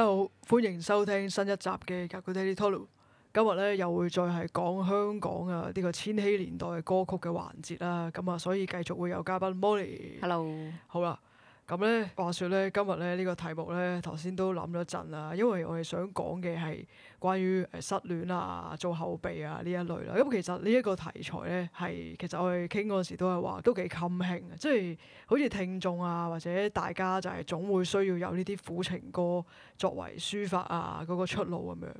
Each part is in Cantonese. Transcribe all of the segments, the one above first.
大家好，Hello. 歡迎收聽新一集嘅《格古迪托洛》，今日咧又會再係講香港啊呢個千禧年代歌曲嘅環節啦。咁啊，所以繼續會有嘉賓 Molly Hello.。Hello，好啦。咁咧，話説咧，今日咧呢個題目咧，頭先都諗咗陣啦，因為我哋想講嘅係關於誒失戀啊、做後備啊呢一類啦。咁其實呢一個題材咧，係其實我哋傾嗰陣時都係話都幾襟興，即係好似聽眾啊或者大家就係總會需要有呢啲苦情歌作為抒發啊嗰個出路咁樣。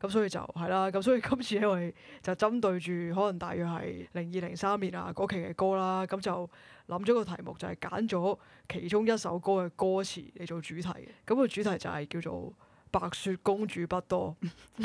咁所以就係啦，咁所以今次因為就針對住可能大約係零二零三年啊嗰期嘅歌啦，咁就。諗咗個題目就係揀咗其中一首歌嘅歌詞嚟做主題嘅，咁、個主題就係叫做《白雪公主不多》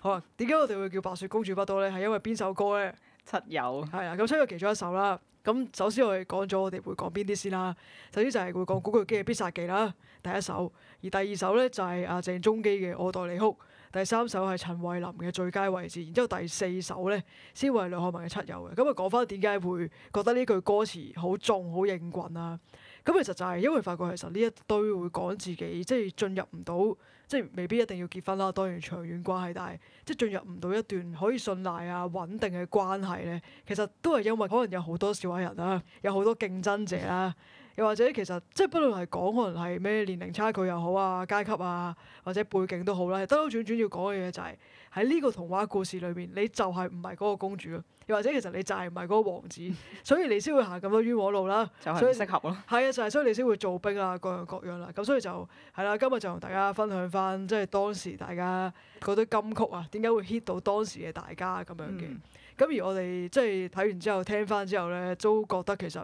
好。好啊，點解我哋會叫《白雪公主不多》咧？係因為邊首歌咧？七友。係啊，咁所以其中一首啦。咁首先我哋講咗我哋會講邊啲先啦。首先就係會講古巨基嘅必殺技啦，第一首。而第二首咧就係阿鄭中基嘅《我代你哭》，第三首係陳慧琳嘅《最佳位置》，然之後第四首咧先會係梁漢文嘅《七友》嘅。咁啊講翻點解會覺得呢句歌詞好重、好硬棍啊？咁其實就係因為發覺其實呢一堆會講自己，即係進入唔到，即係未必一定要結婚啦。當然長遠關係，但係即係進入唔到一段可以信賴啊、穩定嘅關係咧，其實都係因為可能有好多小矮人啦、啊，有好多競爭者啦、啊。又或者其實即係，不論係講可能係咩年齡差距又好啊、階級啊，或者背景都好啦。兜兜轉轉要講嘅嘢就係喺呢個童話故事裏面，你就係唔係嗰個公主啊？又或者其實你就係唔係嗰個王子？ 所以你先會行咁多冤枉路啦。所以適合咯。係啊，就係所以你先會做兵啊，各樣各樣啦。咁所以就係啦。今日就同大家分享翻，即係當時大家嗰堆金曲啊，點解會 hit 到當時嘅大家咁樣嘅？咁、嗯、而我哋即係睇完之後聽翻之後咧，都覺得其實。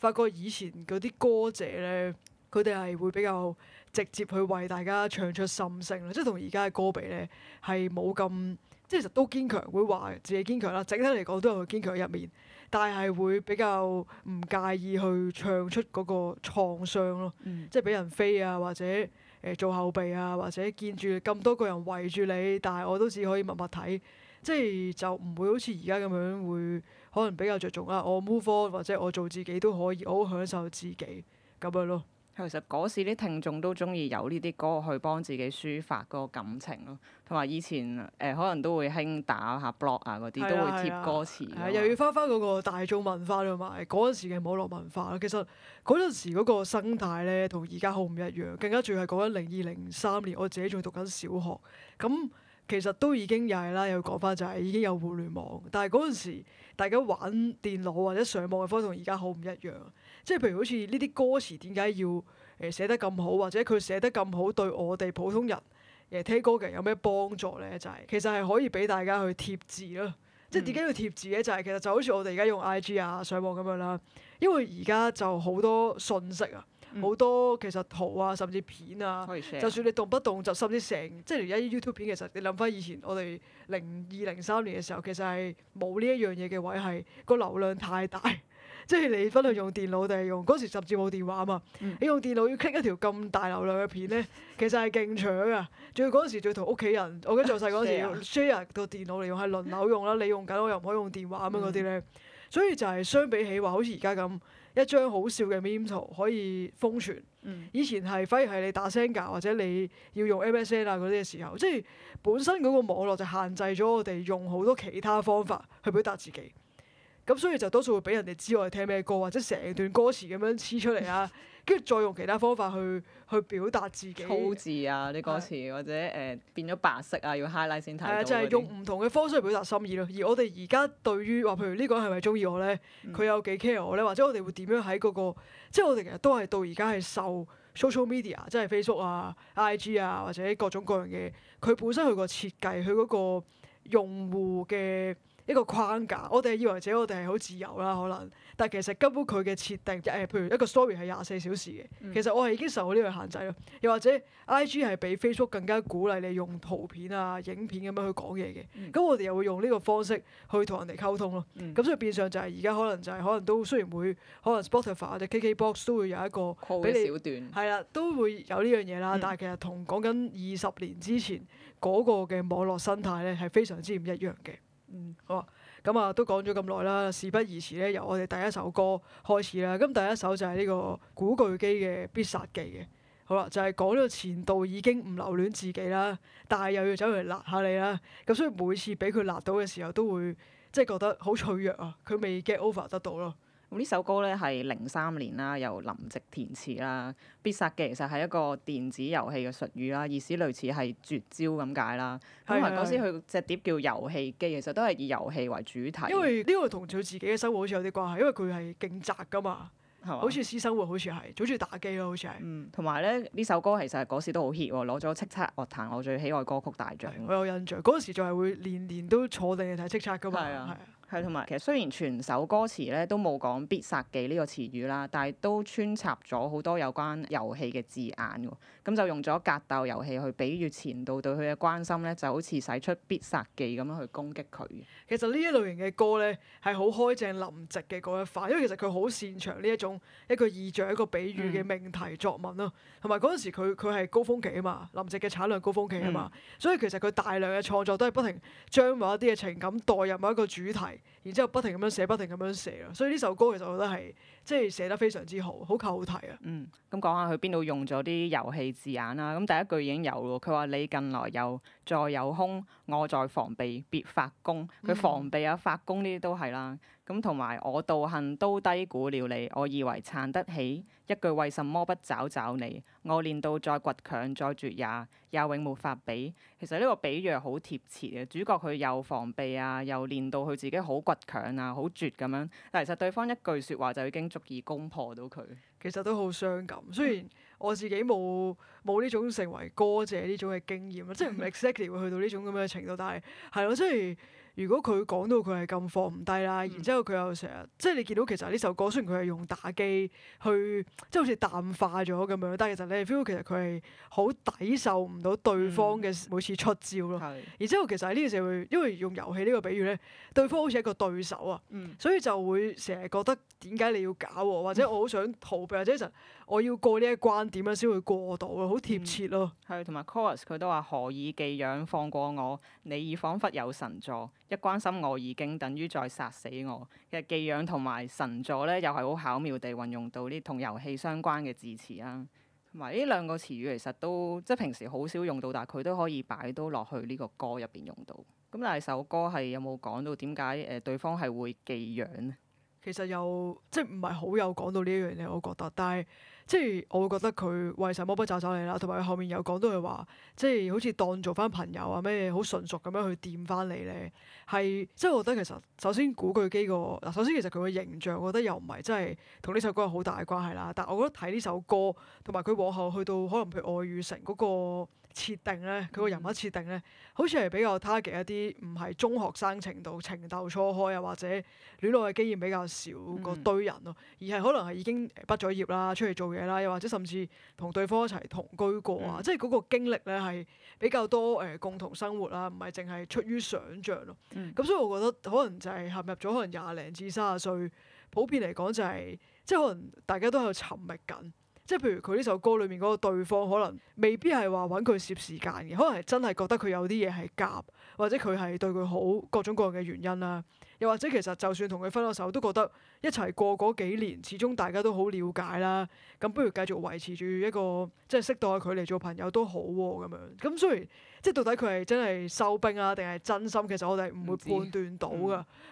發覺以前嗰啲歌者咧，佢哋係會比較直接去為大家唱出心聲，即係同而家嘅歌比咧，係冇咁，即係其實都堅強，會話自己堅強啦。整體嚟講都有堅強嘅一面，但係會比較唔介意去唱出嗰個創傷咯，嗯、即係俾人飛啊，或者誒、呃、做後備啊，或者見住咁多個人圍住你，但係我都只可以默默睇，即係就唔會好似而家咁樣會。可能比較着重啦，我 move on 或者我做自己都可以，我好享受自己咁樣咯。其實嗰時啲聽眾都中意有呢啲歌去幫自己抒發嗰個感情咯，同埋以前誒、呃、可能都會興打下 blog 啊嗰啲、啊、都會貼歌詞。啊啊、又要翻翻嗰個大眾文化同埋嗰陣時嘅網絡文化啦。其實嗰陣時嗰個生態呢，同而家好唔一樣，更加重要係講緊零二零三年我自己仲讀緊小學，咁其實都已經係啦。又要講翻就係已經有互聯網，但係嗰陣時。大家玩電腦或者上網嘅方式同而家好唔一樣，即係譬如好似呢啲歌詞點解要誒寫得咁好，或者佢寫得咁好對我哋普通人誒聽歌嘅人有咩幫助呢？就係其實係可以俾大家去貼字咯，即係點解要貼字呢？就係其實就好似我哋而家用 IG 啊上網咁樣啦，因為而家就好多信息啊。好多其實圖啊，甚至片啊，就算你動不動就甚至成，即係而家啲 YouTube 片，其實你諗翻以前我哋零二零三年嘅時候，其實係冇呢一樣嘢嘅位，係個流量太大，即係你分係用電腦定係用嗰時，甚至冇電話啊嘛。嗯、你用電腦要傾一條咁大流量嘅片咧，其實係勁搶啊！仲要嗰時仲要同屋企人，我記得仲細個嗰陣時用 share 個電腦嚟用，係輪流用啦，你用緊我又唔可以用電話咁樣嗰啲咧。嗯、所以就係相比起話，好似而家咁。一張好笑嘅 meme 圖可以瘋傳。以前係，反而係你打聲價或者你要用 MSN 啊嗰啲嘅時候，即係本身嗰個網絡就限制咗我哋用好多其他方法去表達自己。咁所以就多數會俾人哋知我哋聽咩歌，或者成段歌詞咁樣黐出嚟啊。 跟住再用其他方法去去表達自己粗字，啊啲歌詞，那個、的或者誒、呃、變咗白色啊，要 highlight 先睇到。誒就係、是、用唔同嘅方式去表達心意咯。而我哋而家對於話，譬如個人，是是呢個係咪中意我咧？佢有幾 care 我咧？或者我哋會點樣喺嗰、那個即係我哋其實都係到而家係受 social media，即係 Facebook 啊、IG 啊，或者各種各樣嘅佢本身佢個設計，佢嗰個用戶嘅。一個框架，我哋係以為自己，我哋係好自由啦。可能，但其實根本佢嘅設定，誒，譬如一個 story 係廿四小時嘅，嗯、其實我係已經受呢個限制咯。又或者，IG 係比 Facebook 更加鼓勵你用圖片啊、影片咁樣去講嘢嘅。咁、嗯、我哋又會用呢個方式去同人哋溝通咯。咁、嗯、所以變相就係而家可能就係可能都雖然會可能 Spotify 或者 KKBox 都會有一個俾你係啦，都會有呢樣嘢啦。嗯、但係其實同講緊二十年之前嗰個嘅網絡生態咧，係非常之唔一樣嘅。嗯，好啊，咁啊都講咗咁耐啦，事不宜遲咧，由我哋第一首歌開始啦。咁第一首就係呢個古巨基嘅《必殺技》嘅，好啦、啊，就係講咗前度已經唔留戀自己啦，但係又要走嚟辣下你啦。咁所以每次俾佢辣到嘅時候，都會即係、就是、覺得好脆弱啊。佢未 get over 得到咯。咁呢首歌咧係零三年啦，由林夕填詞啦，必殺技其實係一個電子遊戲嘅術語啦，意思類似係絕招咁解啦。咁同埋嗰時佢隻碟叫遊戲機，其實都係以遊戲為主題。因為呢個同佢自己嘅生活好似有啲關係，因為佢係勁宅㗎嘛，吧好似私生活好似係，好似打機咯，好似係。嗯。同埋咧，呢首歌其實嗰時都好 hit，攞咗叱咤樂壇我最喜愛歌曲大獎。我有印象，嗰時就係會年年都坐定嚟睇叱咤㗎嘛。係啊的，係啊。係，同埋，其實雖然全首歌詞咧都冇講必殺技呢個詞語啦，但係都穿插咗好多有關遊戲嘅字眼喎。咁就用咗格鬥遊戲去比喻前度對佢嘅關心咧，就好似使出必殺技咁樣去攻擊佢。其實呢一類型嘅歌咧係好開正林夕嘅嗰一塊，因為其實佢好擅長呢一種一個意象一個比喻嘅命題作文咯。同埋嗰陣時佢佢係高峰期啊嘛，林夕嘅產量高峰期啊嘛，嗯、所以其實佢大量嘅創作都係不停將某一啲嘅情感代入某一個主題。然之後不停咁樣寫，不停咁樣寫咯，所以呢首歌其實我覺得係。即係寫得非常之好，好靠好睇啊！嗯，咁講下佢邊度用咗啲遊戲字眼啦、啊。咁第一句已經有咯，佢話你近來又再有空，我在防備，別發功。佢防備啊，發功呢啲都係啦。咁同埋我道行都低估了你，我以為撐得起一句為什麼不找找你？我練到再倔強再絕也也永沒法比。其實呢個比喻好貼切嘅，主角佢又防備啊，又練到佢自己好倔強啊，好絕咁樣。但其實對方一句說話就已經足易攻破到佢，其實都好傷感。雖然我自己冇冇呢種成為歌者呢種嘅經驗啦， 即係唔 exactly 會去到呢種咁嘅程度，但係係咯，即係。就是如果佢講到佢係咁放唔低啦，嗯、然之後佢又成日即係你見到其實呢首歌雖然佢係用打機去即係、就是、好似淡化咗咁樣，但係其實你 feel 到其實佢係好抵受唔到對方嘅每次出招咯。嗯、然之後其實喺呢個時候，因為用遊戲呢個比喻咧，對方好似一個對手啊，嗯、所以就會成日覺得點解你要搞我？」或者我好想逃避，或者就。我要過呢一關點樣先會過到啊？好貼切啊！係同埋 chorus 佢都話何以寄養放過我？你以仿佛有神助，一關心我已經等於再殺死我。其實寄養同埋神助咧，又係好巧妙地運用到啲同遊戲相關嘅字詞啦、啊。同埋呢兩個詞語其實都即係平時好少用到，但係佢都可以擺到落去呢個歌入邊用到。咁但係首歌係有冇講到點解誒對方係會寄養咧？其實又即係唔係好有講到呢一樣嘢，我覺得，但係。即係我會覺得佢為什麼不找找你啦，同埋佢後面有講到佢話，即係好似當做翻朋友啊咩，好純熟咁樣去掂翻你咧，係，即係我覺得其實首先古巨基個嗱，首先其實佢個形象，我覺得又唔係真係同呢首歌有好大關係啦。但我覺得睇呢首歌同埋佢往後去到可能譬如愛與誠嗰個。設定咧，佢個人物設定咧，好似係比較 target 一啲，唔係中學生程度情竇初開啊，或者戀愛嘅經驗比較少嗰堆人咯，而係可能係已經畢咗業啦，出嚟做嘢啦，又或者甚至同對方一齊同居過啊，mm. 即係嗰個經歷咧係比較多誒、呃、共同生活啦，唔係淨係出於想像咯。咁、mm. 所以我覺得可能就係陷入咗可能廿零至三十歲，普遍嚟講就係、是、即係可能大家都喺度尋覓緊。即係譬如佢呢首歌裏面嗰個對方，可能未必係話揾佢攝時間嘅，可能係真係覺得佢有啲嘢係夾，或者佢係對佢好各種各樣嘅原因啦、啊。又或者其實就算同佢分咗手，都覺得一齊過嗰幾年，始終大家都好了解啦。咁不如繼續維持住一個即係適當嘅距離做朋友都好喎、啊、咁樣。咁雖然即係到底佢係真係收兵啊，定係真心？其實我哋唔會判斷到㗎。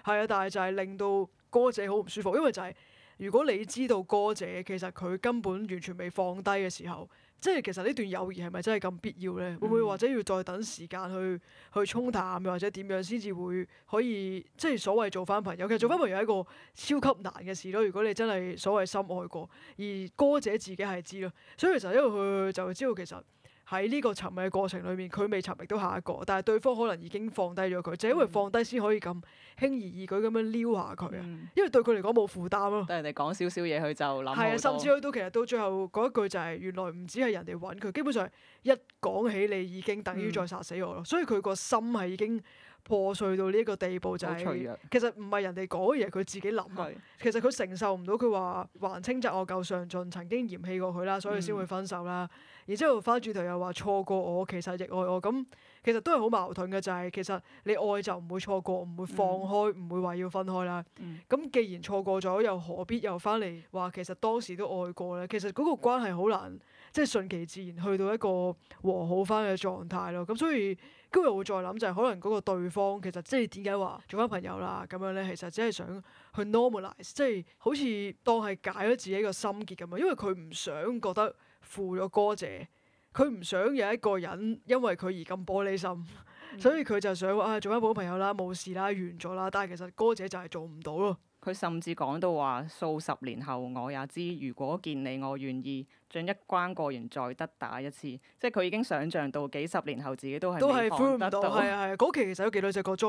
係啊，但係就係令到歌者好唔舒服，因為就係、是。如果你知道歌者其實佢根本完全未放低嘅時候，即係其實呢段友誼係咪真係咁必要咧？會唔會或者要再等時間去去沖淡，又或者點樣先至會可以即係所謂做返朋友？其實做返朋友係一個超級難嘅事咯。如果你真係所謂深愛過，而歌者自己係知咯，所以其實因為佢就知道其實。喺呢個尋覓嘅過程裏面，佢未尋覓到下一個，但係對方可能已經放低咗佢，就、嗯、因為放低先可以咁輕而易舉咁樣撩下佢啊，嗯、因為對佢嚟講冇負擔咯。但係人哋講少少嘢，佢就諗。係啊，甚至去到其實到最後嗰一句就係、是、原來唔止係人哋揾佢，基本上一講起你已經等於再殺死我咯，嗯、所以佢個心係已經。破碎到呢一個地步就係，啊、其實唔係人哋講嘅嘢，佢自己諗啊。是其實佢承受唔到，佢話還稱讚我夠上進，曾經嫌棄過佢啦，所以先會分手啦。嗯、然之後翻轉頭又話錯過我，其實亦愛我。咁其實都係好矛盾嘅，就係、是、其實你愛就唔會錯過，唔會放開，唔、嗯、會話要分開啦。咁、嗯、既然錯過咗，又何必又翻嚟話其實當時都愛過咧？其實嗰個關係好難，即、就、係、是、順其自然去到一個和好翻嘅狀態咯。咁所以。今日又會再諗，就係可能嗰個對方其實即係點解話做翻朋友啦咁樣咧，其實只係想去 normalize 即係好似當係解咗自己個心結咁啊。因為佢唔想覺得負咗哥姐，佢唔想有一個人因為佢而咁玻璃心， 所以佢就想啊、哎、做翻好朋友啦，冇事啦，完咗啦。但係其實哥姐就係做唔到咯。佢甚至講到話數十年後我也知，如果見你，我願意將一關過完再得打一次，即係佢已經想像到幾十年後自己都都係 feel 唔到。係啊係啊，嗰期其實有幾多隻歌，再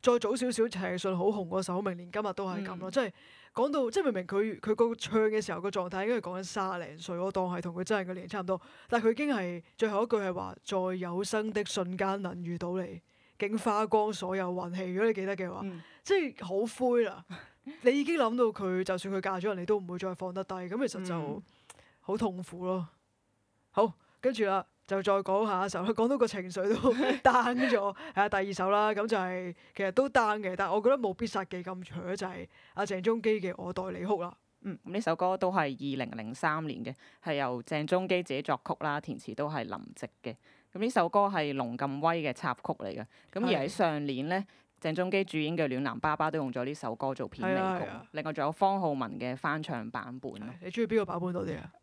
再早少少，陳奕迅好紅嗰首，明年今日都係咁咯，即係講到即係明明佢佢個唱嘅時候個狀態應該係講緊三十零歲，我當係同佢真人嘅年差唔多，但係佢已經係最後一句係話，在有生的瞬間能遇到你，竟花光所有運氣，如果你記得嘅話，嗯、即係好灰啦。 你已經諗到佢，就算佢嫁咗人，你都唔會再放得低。咁其實就好痛苦咯。好，跟住啦，就再講下一首，講到個情緒都 down 咗。係啊，第二首啦，咁就係、是、其實都 down 嘅，但係我覺得冇《必殺技》咁扯，就係、是、阿、啊、鄭中基嘅《我代你哭》啦。嗯，咁呢首歌都係二零零三年嘅，係由鄭中基自己作曲啦，填詞都係林夕嘅。咁呢首歌係龍咁威嘅插曲嚟嘅。咁而喺上年咧。哎鄭中基主演嘅《暖男爸爸》都用咗呢首歌做片尾曲，啊啊、另外仲有方浩文嘅翻唱版本。你中意邊個版本多啲啊？誒、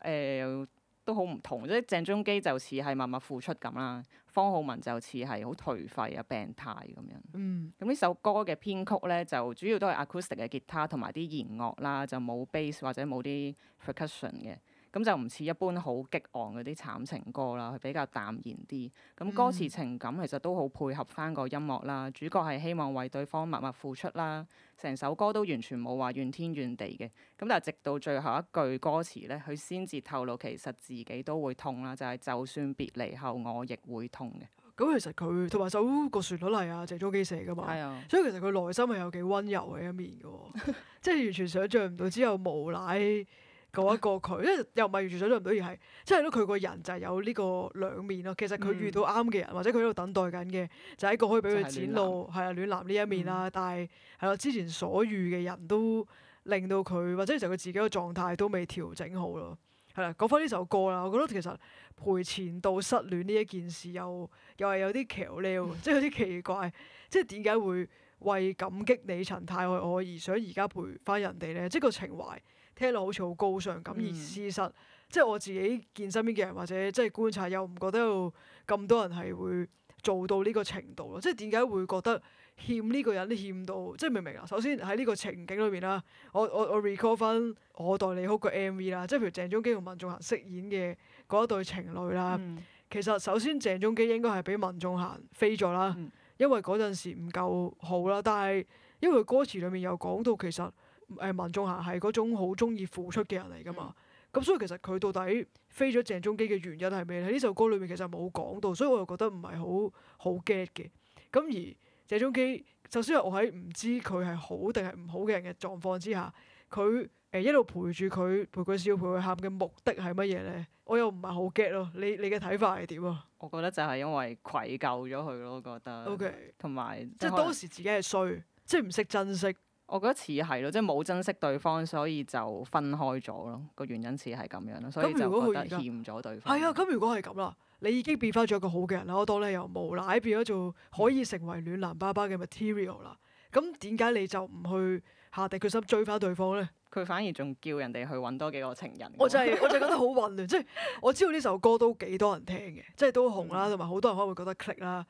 呃，都好唔同，即係鄭中基就似係默默付出咁啦，方浩文就似係好頹廢啊病態咁樣。嗯。咁呢首歌嘅編曲咧，就主要都係 acoustic 嘅吉他同埋啲弦樂啦，就冇 bass 或者冇啲 percussion 嘅。咁就唔似一般好激昂嗰啲慘情歌啦，佢比較淡然啲。咁歌詞情感其實都好配合翻個音樂啦。主角係希望為對方默默付出啦。成首歌都完全冇話怨天怨地嘅。咁但係直到最後一句歌詞咧，佢先至透露其實自己都會痛啦，就係就算別離後我亦會痛嘅。咁其實佢同埋首個旋律嚟啊，鄭中基寫嘅嘛。係啊。所以其實佢內心係有幾温柔嘅一面嘅喎，即係完全想像唔到只有無賴。 救一個佢，即係又唔係完全想象唔到，而係即係佢個人就係有呢個兩面咯。其實佢遇到啱嘅人，嗯、或者佢喺度等待緊嘅，就係、是、一個可以俾佢展露係啊暖男呢一面啦、啊。嗯、但係係咯，之前所遇嘅人都令到佢，或者其實佢自己嘅狀態都未調整好咯。係啦、啊，講翻呢首歌啦，我覺得其實陪前度失戀呢一件事又，又又係有啲橋裂，即係有啲奇怪，嗯、即係點解、嗯、會為感激你曾太愛我而想而家陪翻人哋咧？即係個情懷。聽落好似好高尚咁，而事實、mm. 即係我自己見身邊嘅人或者即係觀察，又唔覺得有咁多人係會做到呢個程度咯。即係點解會覺得欠呢個人欠到？即係明唔明啊？首先喺呢個情景裏面啦，我我我 recall 翻《我待你好》嘅 MV 啦，即係譬如鄭中基同文仲珊飾演嘅嗰一對情侶啦。Mm. 其實首先鄭中基應該係俾文仲珊飛咗啦，mm. 因為嗰陣時唔夠好啦。但係因為佢歌詞裏面有講到其實。誒民眾嚇係嗰種好中意付出嘅人嚟噶嘛，咁、嗯、所以其實佢到底飛咗鄭中基嘅原因係咩咧？喺呢首歌裏面其實冇講到，所以我又覺得唔係好好 get 嘅。咁而鄭中基，就算我喺唔知佢係好定係唔好嘅人嘅狀況之下，佢誒一路陪住佢，陪佢笑，陪佢喊嘅目的係乜嘢咧？我又唔係好 get 咯。你你嘅睇法係點啊？我覺得 Okay. 就係因為愧疚咗佢咯，我覺得。O K。同埋即係當時自己係衰，即係唔識珍惜。我覺得似係咯，即係冇珍惜對方，所以就分開咗咯。個原因似係咁樣咯，所以就覺得欠咗對方。係啊，咁如果係咁啦，你已經變翻咗一個好嘅人啦。我當年由無賴變咗做可以成為暖男爸爸嘅 material 啦。咁點解你就唔去下定決心追翻對方咧？佢反而仲叫人哋去揾多幾個情人。我、就係。我就係我就覺得好混亂， 即係我知道呢首歌都幾多人聽嘅，即係都紅啦，同埋好多人可能會覺得 click 啦。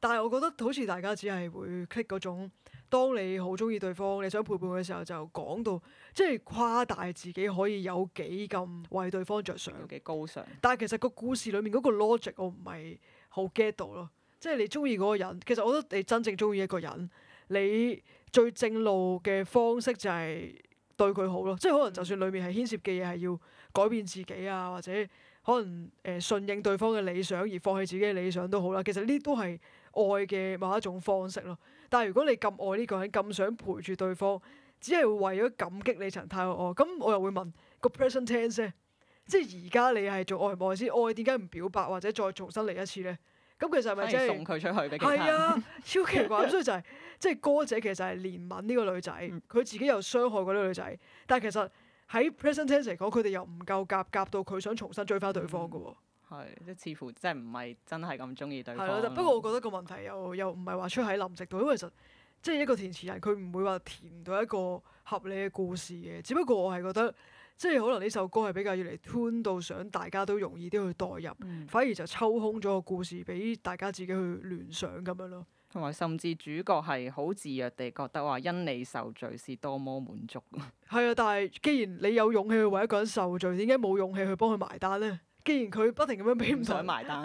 但係我覺得好似大家只係會 click 嗰種，當你好中意對方，你想陪伴佢嘅時候就講到即係誇大自己可以有幾咁為對方着想嘅高尚。但係其實個故事裏面嗰個 logic 我唔係好 get 到咯，即係你中意嗰個人，其實我覺得你真正中意一個人，你最正路嘅方式就係對佢好咯。即係可能就算裡面係牽涉嘅嘢係要改變自己啊，或者可能誒、呃、順應對方嘅理想而放棄自己嘅理想都好啦。其實呢啲都係。愛嘅某一種方式咯，但係如果你咁愛呢個人，咁想陪住對方，只係為咗感激你曾太愛我，咁我又會問、個 present tense，即係而家你係做愛唔愛先？愛點解唔表白或者再重新嚟一次咧？咁其實係咪即係送佢出去俾其他人？係啊，超奇怪， 所以就係即係歌者其實係憐憫呢個女仔，佢、嗯、自己又傷害過呢個女仔，但係其實喺 present tense 嚟講，佢哋又唔夠夾夾到佢想重新追翻對方嘅喎。嗯。係，即似乎即係唔係真係咁中意對方。不過我覺得個問題又又唔係話出喺林夕度，因為其實即係、就是、一個填詞人，佢唔會話填到一個合理嘅故事嘅。只不過我係覺得，即、就、係、是、可能呢首歌係比較要嚟 tune 到想大家都容易啲去代入，嗯、反而就抽空咗個故事俾大家自己去聯想咁樣咯。同埋甚至主角係好自虐地覺得話因你受罪是多麼滿足。係啊，但係既然你有勇氣去為一個人受罪，點解冇勇氣去幫佢埋單呢？既然佢不停咁樣俾唔想埋單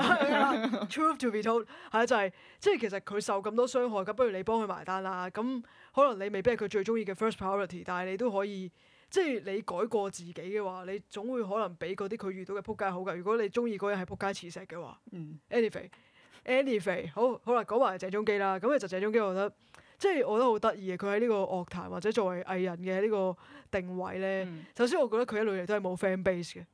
True to be told 係 就係、係、即係其實佢受咁多傷害，咁不如你幫佢埋單啦。咁可能你未必係佢最中意嘅 first priority，但係你都可以即係你改過自己嘅話，你總會可能比嗰啲佢遇到嘅撲街好㗎。如果你中意嗰人係撲街黐石嘅話，anyway，anyway，、嗯、anyway，好好啦，講埋鄭中基啦。咁其實鄭中基，我覺得，即係我覺得好得意嘅，佢喺呢個樂壇或者作為藝人嘅呢個定位咧。首先，我覺得佢一路嚟都係冇 fan base 嘅，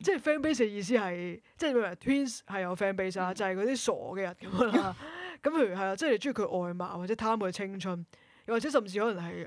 即係 fan base 嘅意思係，即係譬如 Twins 係有 fan base 啊，就係嗰啲傻嘅人咁樣啦。咁譬如係啦，即係你中意佢外貌，或者貪佢青春，又或者甚至可能係誒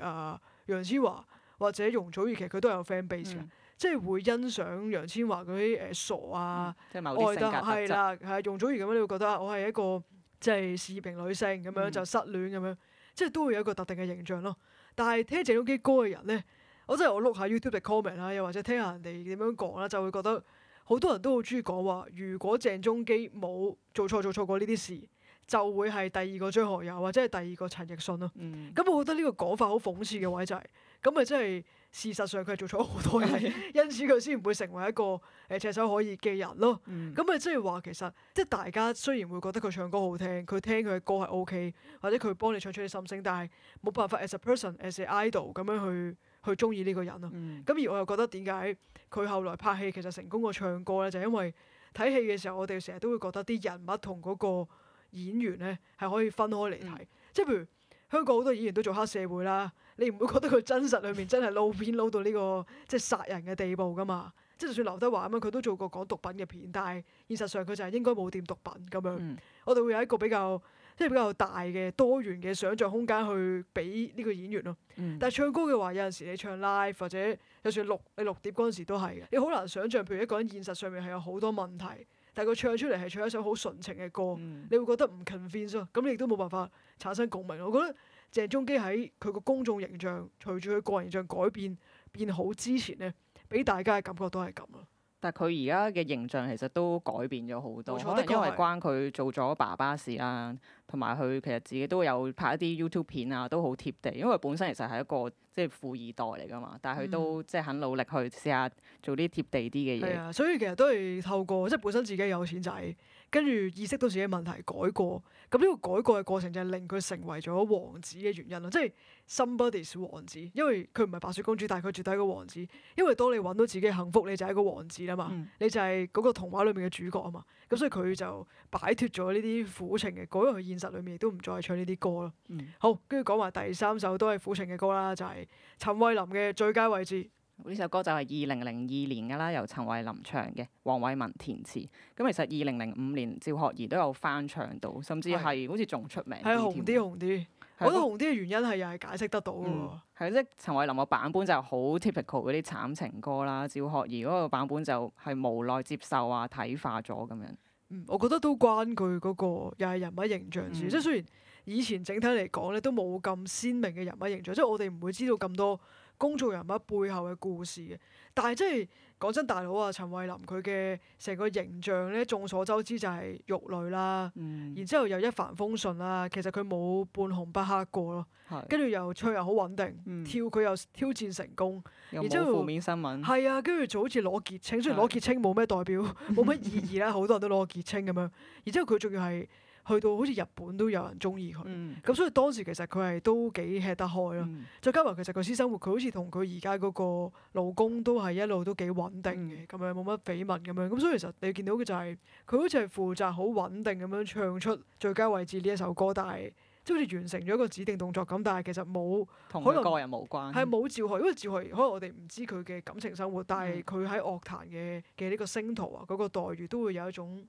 楊千嬅或者容祖兒，其實佢都有 fan base 嘅，即係會欣賞楊千嬅嗰啲誒傻啊，覺得係啦，係容祖兒咁樣，你會覺得我係一個即係視頻女性咁樣就失戀咁樣。即係都會有一個特定嘅形象咯。但係聽鄭中基歌嘅人咧，我真係我 look 下 YouTube 嘅 comment 啦，又或者聽下人哋點樣講啦，就會覺得好多人都好中意講話。如果鄭中基冇做錯做錯過呢啲事，就會係第二個張學友或者係第二個陳奕迅咯。咁、嗯、我覺得呢個講法好諷刺嘅位就係、係，咁咪真係。事實上佢係做錯咗好多嘢， 因此佢先唔會成為一個誒、呃、炙手可熱嘅人咯。咁咪即係話其實即係大家雖然會覺得佢唱歌好聽，佢聽佢嘅歌係 O K，或者佢幫你唱出啲心聲，但係冇辦法 as a person as an idol 咁樣去去中意呢個人咯。咁、嗯、而我又覺得點解佢後來拍戲其實成功過唱歌咧，就係、因為睇戲嘅時候，我哋成日都會覺得啲人物同嗰個演員咧係可以分開嚟睇，嗯、即係譬如香港好多演員都做黑社會啦。你唔會覺得佢真實裏面真係撈片撈到呢、這個即係、就是、殺人嘅地步噶嘛？即係就算劉德華咁樣，佢都做過講毒品嘅片，但係現實上佢就係應該冇掂毒品咁樣。嗯、我哋會有一個比較即係、就是、比較大嘅多元嘅想像空間去俾呢個演員咯。嗯、但係唱歌嘅話，有陣時你唱 live 或者就算錄你錄碟嗰陣時都係嘅，你好難想像，譬如一個人現實上面係有好多問題，但係佢唱出嚟係唱一首好純情嘅歌，嗯、你會覺得唔 convinced 咁你亦都冇辦法產生共鳴。我覺得。鄭中基喺佢個公眾形象，隨住佢個人形象改變變好之前咧，俾大家嘅感覺都係咁啊！但係佢而家嘅形象其實都改變咗好多，我覺得因為關佢做咗爸爸事啦、啊，同埋佢其實自己都有拍一啲 YouTube 片啊，都好貼地，因為本身其實係一個即係富二代嚟噶嘛，但係佢都即係很努力去試下做啲貼地啲嘅嘢。係啊，所以其實都係透過即係本身自己有錢仔。跟住意識到自己問題改過，咁呢個改過嘅過程就係令佢成為咗王子嘅原因咯，即係 somebody's 王子，因為佢唔係白雪公主，但係佢絕對係個王子。因為當你揾到自己嘅幸福，你就係個王子啦嘛，嗯、你就係嗰個童話裏面嘅主角啊嘛。咁所以佢就擺脫咗呢啲苦情嘅歌，改去現實裏面亦都唔再唱呢啲歌咯。嗯、好，跟住講埋第三首都係苦情嘅歌啦，就係、是、陳慧琳嘅最佳位置。呢首歌就係二零零二年噶啦，由陳慧琳唱嘅，黃偉文填詞。咁其實二零零五年趙學而都有翻唱到，甚至係好似仲出名，係紅啲紅啲。我覺得紅啲嘅原因係又係解釋得到嘅喎。係即係陳慧琳個版本就好 typical 嗰啲慘情歌啦，趙學而嗰個版本就係無奈接受啊、體化咗咁樣。我覺得都關佢嗰、嗰個又係人物形象事。即係、嗯、雖然以前整體嚟講咧都冇咁鮮明嘅人物形象，即係我哋唔會知道咁多。公眾人物背後嘅故事嘅，但係即係講真，真，大佬啊，陳慧琳佢嘅成個形象咧，眾所周知就係玉女啦，嗯、然之後又一帆風順啦，其實佢冇半紅不黑過咯，跟住、嗯、又唱又好穩定，嗯、跳佢又挑戰成功，又 然之後冇負面新聞，係啊，跟住就好似攞傑青，雖然攞傑青冇咩代表，冇乜意義啦， 好多人都攞個傑青咁樣，然之後佢仲要係。去到好似日本都有人中意佢，咁、嗯、所以當時其實佢係都幾吃得開咯。嗯、再加埋其實佢私生活，佢好似同佢而家嗰個老公都係一路都幾穩定嘅，咁、嗯、樣冇乜緋聞咁樣。咁所以其實你見到嘅就係佢好似係負責好穩定咁樣唱出最佳位置呢一首歌，但係即係好似完成咗一個指定動作咁。但係其實冇同佢個人無關，係冇趙凱，因為趙凱可能我哋唔知佢嘅感情生活，但係佢喺樂壇嘅嘅呢個星途啊，嗰、嗰個待遇都會有一種。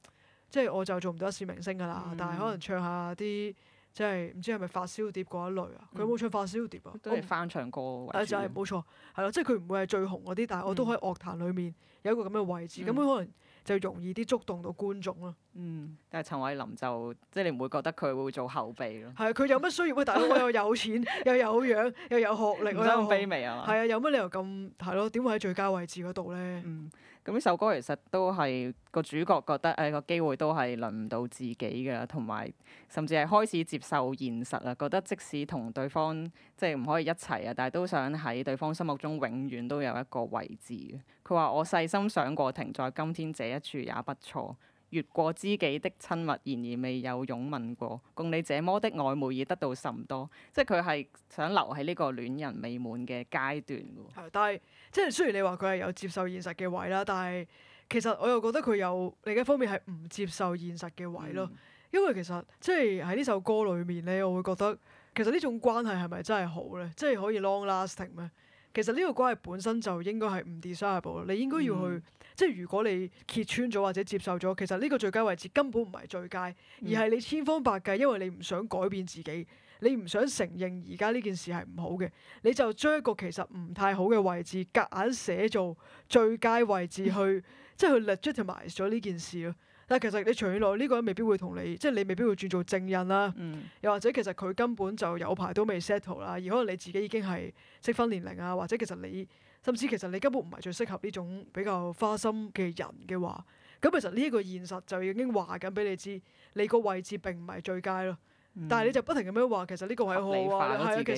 即係我就做唔到一線明星噶啦，但係可能唱下啲即係唔知係咪發燒碟嗰一類啊。佢有冇唱發燒碟啊，都係翻唱歌。誒就係冇錯，係咯，即係佢唔會係最紅嗰啲，但係我都喺樂壇裏面有一個咁嘅位置，咁佢可能就容易啲觸動到觀眾咯。嗯，但係陳慧琳就即係你唔會覺得佢會做後備咯。係啊，佢有乜需要啊？大佬我又有錢，又有樣，又有學歷啊，唔卑微啊嘛。係啊，有乜理由咁係咯？點會喺最佳位置嗰度咧？嗯。咁呢首歌其實都係個主角覺得誒個機會都係輪唔到自己嘅，同埋甚至係開始接受現實啊，覺得即使同對方即係唔可以一齊啊，但係都想喺對方心目中永遠都有一個位置嘅。佢話：我細心想過停在今天這一處也不錯。越過知己的親密，然而未有擁吻過，共你這麼的曖昧已得到甚多，即係佢係想留喺呢個戀人未滿嘅階段喎、嗯。但係即係雖然你話佢係有接受現實嘅位啦，但係其實我又覺得佢有另一方面係唔接受現實嘅位咯。因為其實即係喺呢首歌裡面咧，我會覺得其實呢種關係係咪真係好咧？即係可以 long lasting 咩？其實呢個關係本身就應該係唔 desirable 你應該要去，嗯、即係如果你揭穿咗或者接受咗，其實呢個最佳位置根本唔係最佳，而係你千方百計，因為你唔想改變自己，你唔想承認而家呢件事係唔好嘅，你就將一個其實唔太好嘅位置，夾硬寫做最佳位置去，嗯、即係去 legitimize 咗呢件事咯。但係其實你長遠來呢、這個人未必會同你，即係你未必會轉做正人啦、啊。嗯、又或者其實佢根本就有排都未 settle 啦，而可能你自己已經係積婚年齡啊，或者其實你，甚至其實你根本唔係最適合呢種比較花心嘅人嘅話，咁其實呢一個現實就已經話緊俾你知，你個位置並唔係最佳咯。嗯、但係你就不停咁樣話，其實呢個係好啊，係啊，其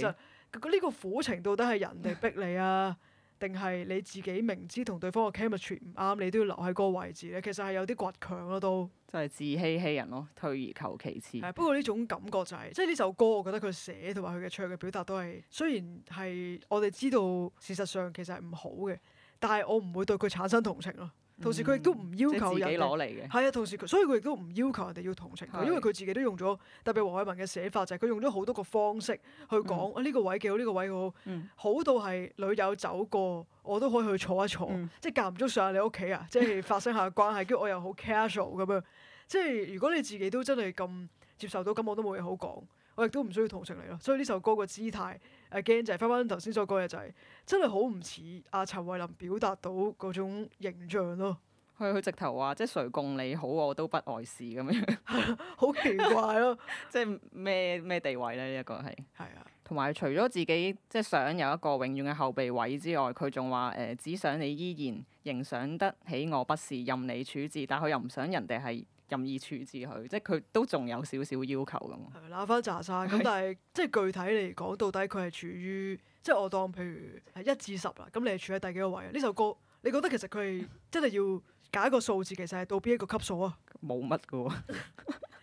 實呢個苦情到底係人哋逼你啊？定係你自己明知同對方嘅 chemistry 唔啱，你都要留喺嗰個位置咧。其實係有啲倔強咯，都就係自欺欺人咯，退而求其次。係不過呢種感覺就係、係，即係呢首歌，我覺得佢寫同埋佢嘅唱嘅表達都係，雖然係我哋知道事實上其實係唔好嘅，但係我唔會對佢產生同情咯。同時佢亦都唔要求人，係、嗯、啊，同時，所以佢亦都唔要求人哋要同情佢，的因為佢自己都用咗，特別黃偉文嘅寫法就係、是、佢用咗好多個方式去講呢、嗯啊呢個位幾好，呢、呢個位好、嗯、好到係女友走過，我都可以去坐一坐，嗯、即係間唔中上下你屋企啊，即係發生下關係，跟住 我又好 casual 咁樣，即係如果你自己都真係咁接受到，咁我都冇嘢好講。我亦都唔需要同情你咯，所以呢首歌嘅姿態誒 again 就係翻返頭先所講嘅、就是，就係真係好唔似阿陳慧琳表達到嗰種形象咯。係佢直頭話，即係誰共你好，我都不礙事咁樣， 好奇怪咯！即係咩咩地位咧？呢一個係係啊，同埋除咗自己即係想有一個永遠嘅後備位之外，佢仲話誒，只想你依然仍想得起我，不是任你處置，但係佢又唔想人哋係，任意處置佢，即係佢都仲有少少要求咁、嗯。係攬翻炸曬，咁是但係即係具體嚟講，到底佢係處於即係我當譬如係一至十啦，咁你係處喺第幾個位啊？呢首歌你覺得其實佢係真係要揀一個數字，其實係到邊一個級數啊？冇乜嘅喎，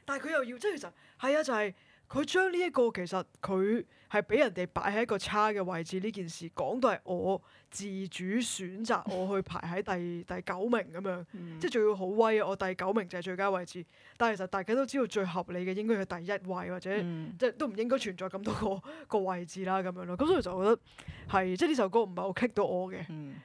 但係佢又要即係其實係啊，就係佢將呢一個其實佢。係俾人哋擺喺一個差嘅位置呢件事，講到係我自主選擇，我去排喺第 第九名咁樣，嗯、即係仲要好威啊！我第九名就係最佳位置，但係其實大家都知道最合理嘅應該係第一位或者、嗯、即係都唔應該存在咁多個個位置啦咁樣咯。咁所以就覺得係即係呢首歌唔係好 kick 到我嘅，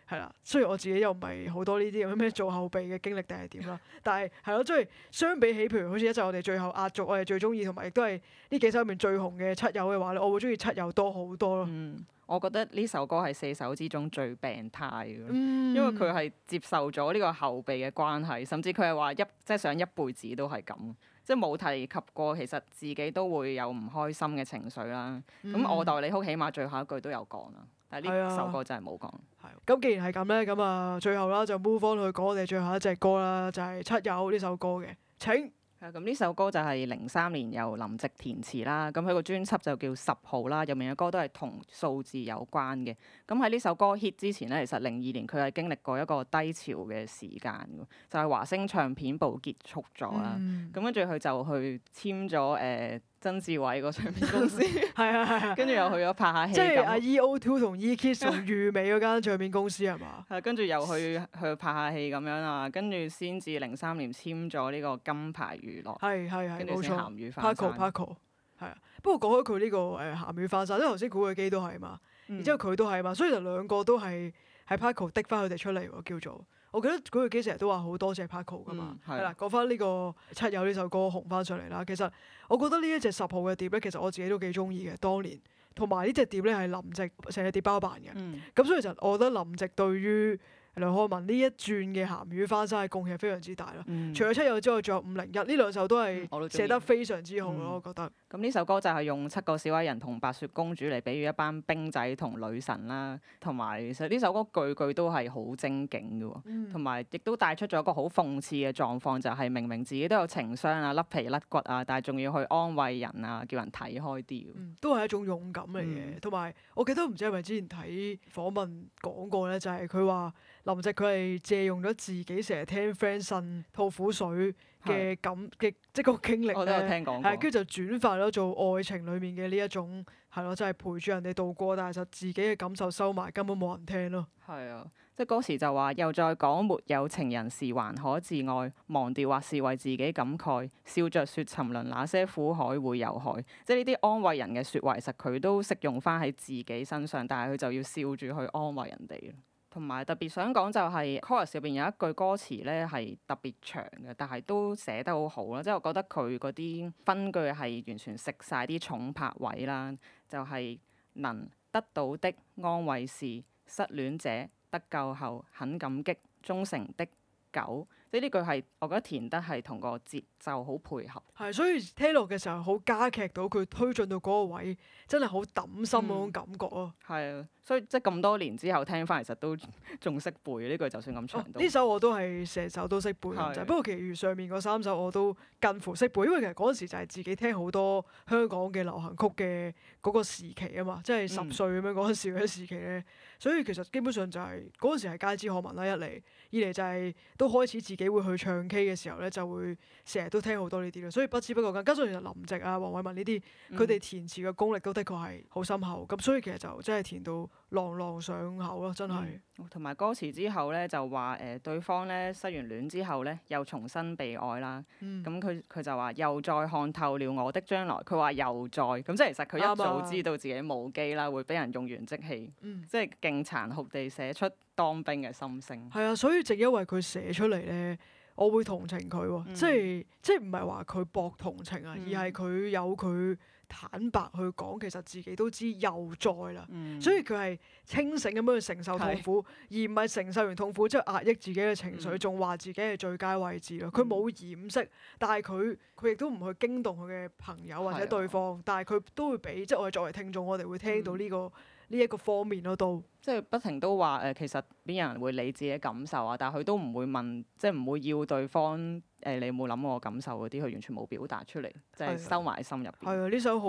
係啦、嗯。雖然我自己又唔係好多呢啲咁樣咩做後備嘅經歷定係點啦，但係係咯。所以相比起譬如好似一陣我哋最後壓軸我哋最中意同埋亦都係呢幾首入面最紅嘅七友嘅話咧，我會中意。七友多好多咯，嗯，我覺得呢首歌係四首之中最病態嘅，嗯、因為佢係接受咗呢個後備嘅關係，甚至佢係話一即係想一輩子都係咁，即係冇提及過，其實自己都會有唔開心嘅情緒啦。咁、嗯、我代你好，起碼最後一句都有講啦，但係呢首歌真係冇講。係的，咁既然係咁咧，咁啊，最後啦就 move 翻去講我哋最後一隻歌啦，就係、是《七友》呢首歌嘅，請。誒咁呢首歌就係零三年由林夕填詞啦，咁佢個專輯就叫十號啦，入面嘅歌都係同數字有關嘅。咁喺呢首歌 hit 之前咧，其實零二年佢係經歷過一個低潮嘅時間，就係、是、華星唱片部結束咗啦，咁跟住佢就去簽咗誒。呃曾志偉個唱片公司係啊係，跟住 又去咗拍下戲。即係 E.O.Two 同 E.Kiss 同御美嗰間唱片公司係嘛？係，跟住又去去拍下戲咁樣啊，跟住先至零三年簽咗呢個金牌娛樂。係係係冇錯。跟住先鹹魚翻生。Paco Paco 係啊，不過講開佢呢個誒鹹魚翻生，因為頭先古巨基都係嘛， 然之後佢都係嘛，所以就兩個都係喺 Paco 度翻佢哋出嚟叫做。我記得嗰個幾成日都話好多謝 Paco 㗎嘛，係啦。講翻呢個《七友》呢首歌紅翻上嚟啦。其實我覺得呢一隻十號嘅碟咧，其實我自己都幾中意嘅。當年同埋呢隻碟咧係林夕成隻碟包辦嘅，咁、嗯、所以其實我覺得林夕對於。梁漢文呢一轉嘅鹹魚翻身嘅貢獻係非常之大咯，嗯、除咗七友之外，仲有五零一呢兩首都係寫得非常之好咯、嗯，我，我覺得。咁呢、嗯、首歌就係用七個小矮人同白雪公主嚟比喻一班兵仔同女神啦，同埋其實呢首歌句句都係好精警嘅，同埋亦都帶出咗一個好諷刺嘅狀況，就係、是、明明自己都有情傷啊、甩皮甩骨啊，但係仲要去安慰人啊，叫人睇開啲、嗯，都係一種勇敢嚟嘅。同埋、嗯、我記得唔知係咪之前睇訪問講過咧，就係佢話。林夕佢係借用咗自己成日聽 friend 呻吐苦水嘅感嘅的即係個經歷咧，我都有聽講過，係跟住就轉化咗做愛情裏面嘅呢一種係咯，即係、就係、陪住人哋度過，但係就係自己嘅感受收埋，根本冇人聽咯。係啊，即係嗰時就話又再講沒有情人時還可自愛，忘掉或是為自己感慨，笑着説沉淪那些苦海會有害。即係呢啲安慰人嘅説話，其實佢都適用翻喺自己身上，但係佢就要笑住去安慰人哋。同埋特別想講就係《Callus》入邊有一句歌詞咧係特別長嘅，但係都寫得好好啦。即係我覺得佢嗰啲分句係完全食晒啲重拍位啦，就係、是、能得到的安慰是失戀者得救後很感激忠誠的狗。即係呢句係我覺得填得係同個節奏好配合。係，所以聽落嘅時候好加劇到佢推進到嗰個位，真係好抌心嗰種感覺啊！係啊、嗯。所以即咁多年之後聽翻，其實都仲識背呢句，就算咁長。呢、哦、呢首我都係成首都識背是的 不過其餘上面嗰三首我都近乎識背，因為其實嗰陣時就係自己聽好多香港嘅流行曲嘅嗰個時期啊嘛，即係十歲咁樣嗰陣時嘅時期咧。嗯、所以其實基本上就係嗰陣時係街知巷聞啦，一嚟二嚟就係都開始自己會去唱 K 嘅時候咧，就會成日都聽好多呢啲咯。所以不知不覺間，加上其實林夕啊、黃偉文呢啲，佢哋、嗯、填詞嘅功力都的確係好深厚。咁所以其實就真係填到。朗朗上口咯，真係。同埋、嗯、歌詞之後咧，就話誒、呃、對方咧失完戀，戀之後咧，又重新被愛啦。咁佢佢就話又再看透了我的將來。佢話又再，咁即係其實佢一早知道自己冇機啦，啊、會俾人用完即棄。嗯、即係勁殘酷地寫出當兵嘅心聲。係、嗯、啊，所以正因為佢寫出嚟咧。我會同情佢喎、哦嗯，即係即係唔係話佢博同情啊，而係佢有佢坦白去講，其實自己都知又在啦，嗯、所以佢係清醒咁樣去承受痛苦，是而唔係承受完痛苦之後壓抑自己嘅情緒，仲話、嗯、自己係最佳位置咯。佢冇、嗯、掩飾，但係佢佢亦都唔去驚動佢嘅朋友或者對方，的但係佢都會俾即係我哋作為聽眾，我哋會聽到呢、這個。嗯呢一個方面咯，都即係不停都話誒、呃，其實邊有人會理自己感受啊，但係佢都唔會問，即係唔會要對方。誒你有冇諗過我感受嗰啲？佢完全冇表達出嚟，即係收埋喺心入邊。係啊，呢首好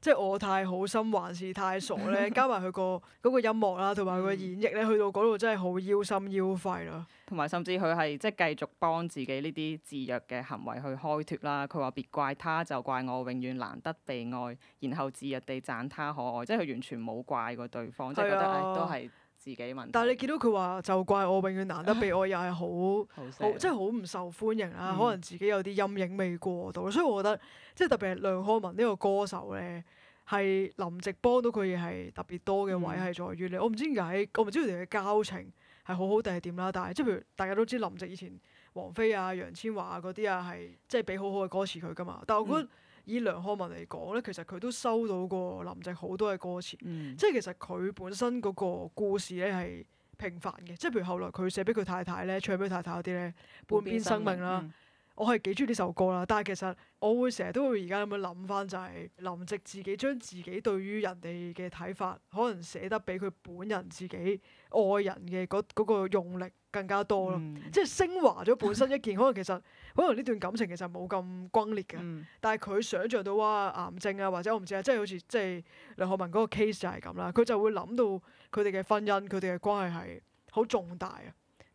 即係、就是、我太好心還是太傻咧？ 加埋佢個嗰個音樂啦，同埋佢個演繹咧，嗯、去到嗰度真係好腰心腰肺啦。同埋甚至佢係即係繼續幫自己呢啲自虐嘅行為去開脫啦。佢話別怪他就怪我永遠難得被愛，然後自虐地讚他可愛。即係佢完全冇怪過對方，即係的覺得誒、哎、都係，自己問題，但係你見到佢話就怪我，永遠難得俾 我，又係好好即係好唔受歡迎啦。嗯、可能自己有啲陰影未過到，所以我覺得即係、就是、特別係梁漢文呢個歌手咧，係林夕幫到佢係特別多嘅位係在於你。嗯、我唔知點解，我唔知佢哋嘅交情係好好定係點啦。但係即係譬如大家都知林夕以前王菲啊、楊千嬅啊嗰啲啊係即係俾好好嘅歌詞佢㗎嘛，但係我覺得、嗯。以梁漢文嚟講咧，其實佢都收到過林夕好多嘅歌詞，嗯、即係其實佢本身嗰個故事咧係平凡嘅。即係譬如後來佢寫俾佢太太咧，唱俾太太嗰啲咧，半邊生命啦，嗯、我係幾中意呢首歌啦。但係其實我會成日都會而家咁樣諗翻，就係、是、林夕自己將自己對於人哋嘅睇法，可能寫得俾佢本人自己愛人嘅嗰嗰個用力更加多咯，嗯、即係升華咗本身一件，可能其實可能呢段感情其實冇咁轟烈嘅，嗯、但係佢想象到哇癌症啊或者我唔知啊，即係好似即係梁漢文嗰個 case 就係咁啦，佢就會諗到佢哋嘅婚姻佢哋嘅關係係好重大啊，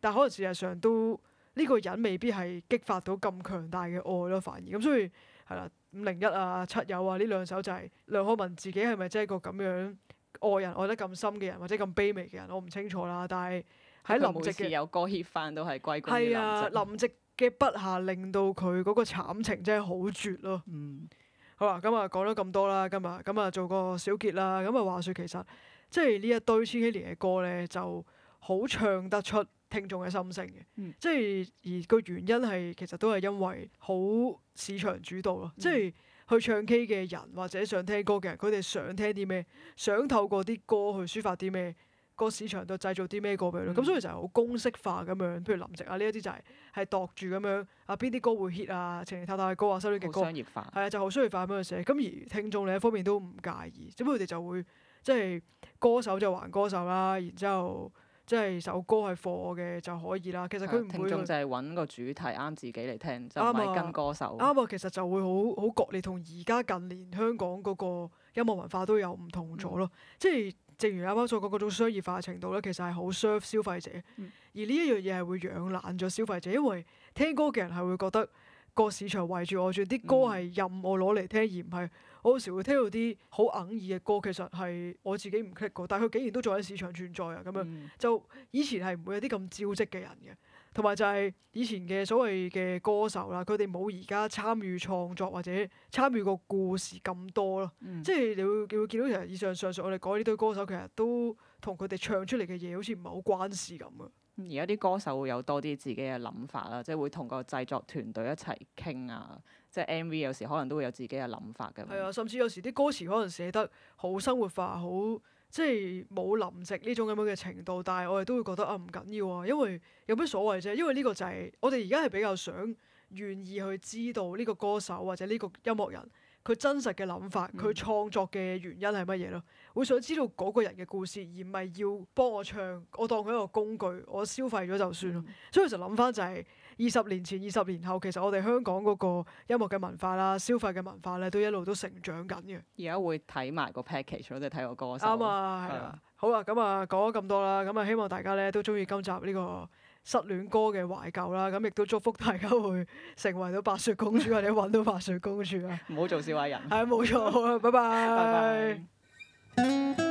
但係可能事實上都呢、呢個人未必係激發到咁強大嘅愛咯，反而咁所以係啦五零一啊七友啊呢兩首就係梁漢文自己係咪真係一個咁樣愛人愛得咁深嘅人或者咁卑微嘅人，我唔清楚啦，但係。喺林夕嘅有歌 hit 翻都係歸功於林夕。係啊，林夕嘅筆下令到佢嗰個慘情真係、嗯、好絕咯。好啦，咁啊講咗咁多啦，今日咁啊做個小結啦。咁啊話說，其實即係呢一堆千禧年嘅歌咧，就好唱得出聽眾嘅心聲嘅。嗯、即係而個原因係其實都係因為好市場主導咯。嗯、即係去唱 K 嘅人或者想聽歌嘅人，佢哋想聽啲咩？想透過啲歌去抒發啲咩？個市場度製造啲咩歌俾佢？咁、嗯、所以就係好公式化咁樣，譬如林夕啊呢一啲就係、是、係度住咁樣啊邊啲歌會 hit 啊，情情太太嘅歌啊，收啲嘅歌，係啊就好商業化咁樣寫。咁而聽眾另一方面都唔介意，只不過佢哋就會即係歌手就還歌手啦，然之後即係首歌係貨嘅就可以啦。其實佢唔會聽眾就係揾個主題啱自己嚟聽，就唔係跟歌手啱啊。其實就會好好割裂，同而家近年香港嗰個音樂文化都有唔同咗咯，嗯、即係。正如啱啱所講，嗰種商業化程度咧，其實係好 serve 消費者，嗯、而呢一樣嘢係會養懶咗消費者，因為聽歌嘅人係會覺得個市場圍住我轉，啲歌係任我攞嚟聽，而唔係我有時會聽到啲好硬耳嘅歌，其實係我自己唔 click 過，但係佢竟然都仲喺市場存在啊！咁樣、嗯、就以前係唔會有啲咁招積嘅人嘅。同埋就係以前嘅所謂嘅歌手啦，佢哋冇而家參與創作或者參與個故事咁多咯。嗯、即係你會你會見到，其實以上上述我哋講呢堆歌手，其實都同佢哋唱出嚟嘅嘢好似唔係好關事咁嘅。而家啲歌手會有多啲自己嘅諗法啦，即係會同個製作團隊一齊傾啊，即係 MV 有時可能都會有自己嘅諗法嘅。係啊，甚至有時啲歌詞可能寫得好生活化，好。即係冇林夕呢種咁樣嘅程度，但係我哋都會覺得啊唔緊要啊，因為有乜所謂啫？因為呢個就係、是、我哋而家係比較想願意去知道呢個歌手或者呢個音樂人。佢真實嘅諗法，佢創、嗯、作嘅原因係乜嘢咯？會想知道嗰個人嘅故事，而唔係要幫我唱。我當佢一個工具，我消費咗就算咯。嗯、所以就諗翻就係二十年前、二十年後，其實我哋香港嗰個音樂嘅文化啦、消費嘅文化咧，都一路都成長緊嘅。而家會睇埋個 package，即係睇個歌手。啱啊，係啊，嗯、好啦、啊，咁啊講咗咁多啦，咁啊希望大家咧都中意今集呢、呢個。失戀歌嘅懷舊啦，咁亦都祝福大家會成為白 到白雪公主或者揾到白雪公主啊！唔好做小矮人、 嗯。係啊，冇錯，拜拜， 拜拜。